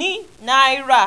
ní náírà